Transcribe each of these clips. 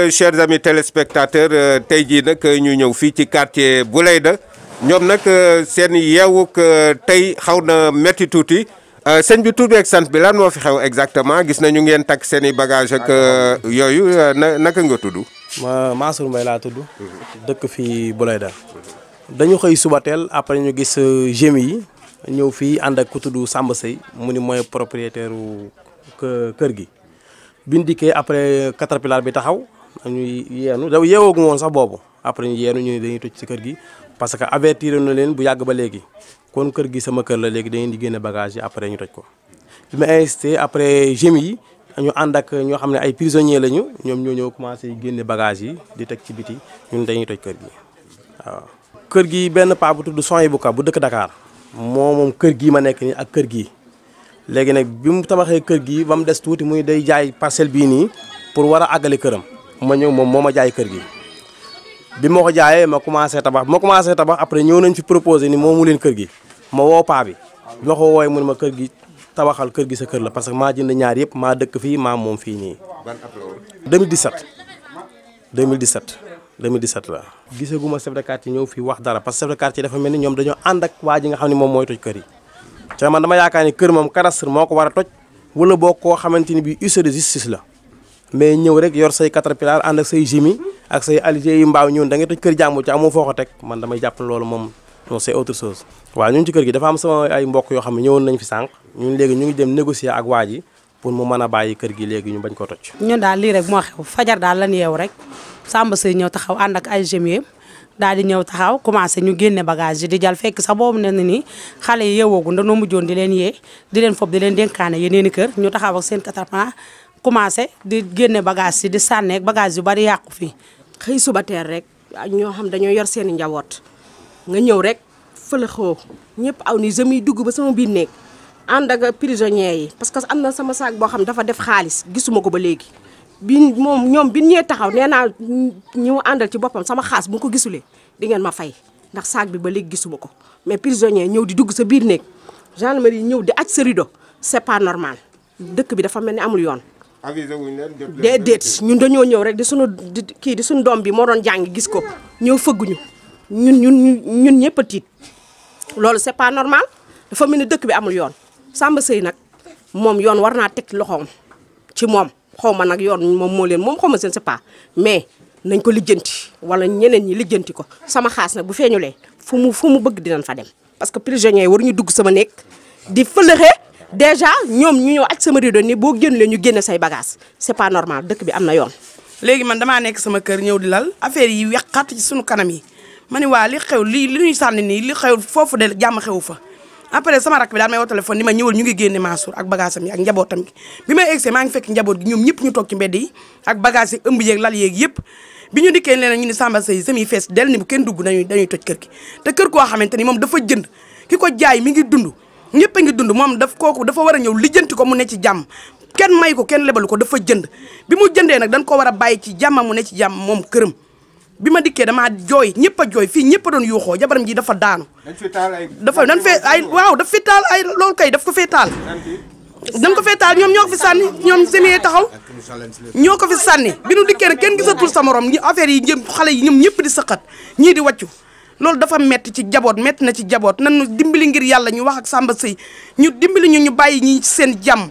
Euh, chers amis téléspectateurs euh, tey jii nag euh, ñu ñëw fii ci quartier da ñoom nag seen yeewuk tey xaw na métti tuuti sëñ bi tuuti ak sant bi lan moo fi xew exactement gis nañu ngeen takk seen i bagage ak yooyu na naka nga tudd. ma Mansour Mbaye laa tudd. dëkk fii Bouleyda. dañu xëy suba teel après ñu gis gémi yi ñëw fii ànd ak ku tudd Samba Seye mu ni mooy propriétaire kër gi. biñ dikkee après quatre caterpillar bi taxaw. am ñuy yeenu daw yeewoogu woon sax boobu après ñu ñu dañuy toj ci kër gi parce que avertir na leen bu yàgg ba léegi kon kër gi sama kër la léegi dañuy di génne bagage yi après ñu toj ko bi ma insisté après gémi yi ñu ànd ak ñoo xam ne ay prisonniers lañu ñoom ñoo ñëw commencé génne bagage yi di teg ci biti ñun dañuy toj kër gi waaw kër gi benn paa bu tudd Sohaibou Ka bu dëkk dakaar moo moom kër gii ma nekk nii ak kër gi léegi nag bi mu tabaxee kër gi ba mu des tuuti muy day jaay parcelle bii nii pour war a àggale këram ma ñëw moom moo ma jaay kër gi bi ma ko jaayee ma commencé tabax ma commencé tabax après ñëw nañ fi proposé ni moomu leen kër gi ma woo paa bi bi ma ko woowee mu ne ma kër gi tabaxal kër gi sa kër la parce que maa jënd ñaar yëpp maa dëkk fii maa moom fii nii. ban 2017 2017 2017 la. gisaguma chef de quartier ñëw fii wax dara parce que chef de quartier dafa mel ni ñoom dañoo ànd ak waa ji nga xam ne moom mooy toj kër yi. te man dama yaakaar ni kër moom cadastre moo ko war a toj wala boo koo xamante ni bii huissier la. mais ñew rek yor say caterpillar and ak say jimi ak say alger yi mbaaw ñun da ngay toj kër jàmbur ci amu foko tek man damay japp loolu mom non c'est autre chose wa ñun ci kër gi dafa am sama ay mbokk yo xamni ñewon nañ fi sank ñun légui ñu ngi dem négocier ak waa pour mu mëna bayyi bàyyi kër gi légui ñu bañ ko toj ñun daal li rek mo xew fajar daal lan yeew rek samba sey ñew taxaw and ak ay jimi daal di ñew taxaw commencé ñu génné bagage di jal fekk sa bobu ne na ni xale yi yeewoogu mu joon di leen yé di leen fop di leen denkané yeneen i kër ñu taxaw ak seen katarpan commencé di génné bagage di sana bagage yu bari yaq fi xey suba rek ño xam dañu yor seen njabot nga ñew rek fële xoo ñëpp aw ni jëmi dugg ba sama bi nek and ak prisonnier yi parce que amna sama sac bo xam dafa def xaliss gisumako ba légui bi mom ñom bi ñe taxaw nee ñu andal ci bopam sama xaas bu ko gisulé di ngeen ma fay ndax sac bi ba légui gisumako mais prisonnier ñew di dugg sa biir nek gendarmerie ñew di acc sa rideau c'est pas normal dëkk bi dafa melni amul yoon avisé wuñ leen jot déedéet ñun dañoo ñëw rek di kii di suñu doom bi moo doon jàng gis ko ñëw fëgguñu ñun ñun ñun ñëpp a tiit loolu c'est pas normal dafa dëkk bi amul yoon Samba Seye nag moom yoon war naa teg loxoom ci moom xaw ma nag yoon moom moo leen moom xaw ma seen c'est pas mais nañ ko lijjanti wala ñeneen ñi lijjanti ko sama xaas nag bu feeñulee fu mu fu mu bëgg di dinañ fa dem parce que prisonniers yi waruñu dugg sama nekk di fëlëxee déjà ñoom ñu ñëw aj sama rido ni boo génnulee ñu génne say bagage c'est pas normal dëkk bi am na yoon. léegi man damaa nekk sama kër ñëw di lal affaire yi yàqaat ci sunu kanam yi ma ne waa li xew li li ñuy sànni nii li xew foofu de jàmm xew fa. après sama rak bi daal may woo téléphone ñu ngi génne Mansour ak bagage am yi ak njabootam bi may eggsee maa ngi fekk njaboot gi ñoom ñëpp ñu toog ci mbedd yi ak bagage yi yeeg yëpp bi ñu dikkee nee na ñu ni Samba Seye semi fees del ni kenn dugg dañuy dañuy toj kër gi te kër koo xamante ni moom dafa jënd ki ko jaay mi ngi dund ñepp nga dund mom daf koku dafa wara ñew lijeenti ko mu ne ci jàmm kenn may ko kenn lebal ko dafa jënd bi mu jëndé nak dañ ko wara bayyi ci jam mu ne ci jàmm mom kërëm bima ma dama joy ñepp joy fi ñepp doon yu xoo jabaram ji dafa daanu dafa dañ fe ay waaw dafa fetal ay lool kay daf ko fee dañ ko fee ñom ñoko fi sanni ñom semé taxaw ñoko fi sanni bi nu dikké nag kenn gisatul sa morom ñi affaire yi ñepp xalé yi ñom ñepp di ñi di waccu Lol, dafa metti ci jabot metti na ci jabot nanu dimbali ngir yalla ñu wax ak Samba sey ñu dimbali ñu ñu bayyi ñi seen jam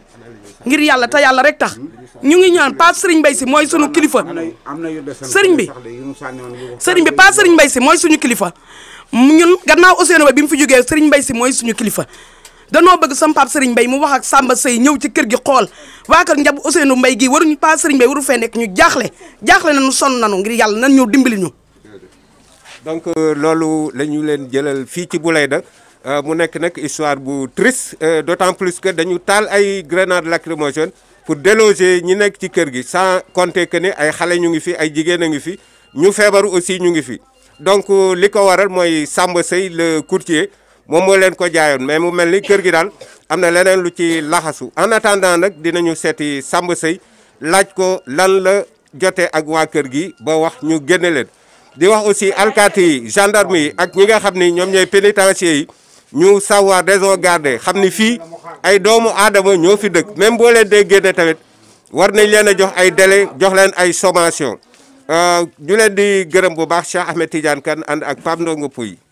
ngir yalla ta yalla rek tax ñu ngi ñaan pa Serigne Mbaye moy suñu kilifa serigne bi serigne bi pa Serigne Mbaye moy suñu kilifa ñun gannaaw oseno Ba bi mu fi jógee Serigne Mbaye moy suñu kilifa danoo bëgg sam Pape Serigne Mbaye mu wax ak Samba sey ñew ci kër gi xol wa ka ñab oseno Mbaye gi ñu pa Serigne Mbaye waru fe nek ñu jaxlé jaxlé nañu son nañu ngir yalla nañu dimbali ñu donc euh, loolu la ñu leen jëlal fii ci Bouleyda euh, mu nekk nag histoire bu triste euh, d'autant plus que dañu taal ay grenades lacrymogènes pour déloger ñi nekk ci kër gi sans compter que ne ay xale ñu ngi fi ay jigéen a ngi fi ñu feebaru aussi ñu ngi fi donc li ko waral mooy Samba Seye le courtier moom moo leen ko jaayoon mais mu mel ni kër gi daal am na lu ci laxasu en attendant nag dinañu seeti Samba Seye laaj ko lan le jote ak waa kër gi ba wax ñu génne di wax aussi alkaati yi gendarme yi ak ñi nga xam ni ñoom ñooy pénitencier yi ñu des raison garder xam ni fii ay doomu aadama ñoo fi dëkk même boo leen dee génne tamit war nañ leen a jox ay délai jox leen ay sommation euh, ñu leen di gërëm bu baax Cheikh Ahmed Tidiane Kane ànd ak Pape Ndongo Pouy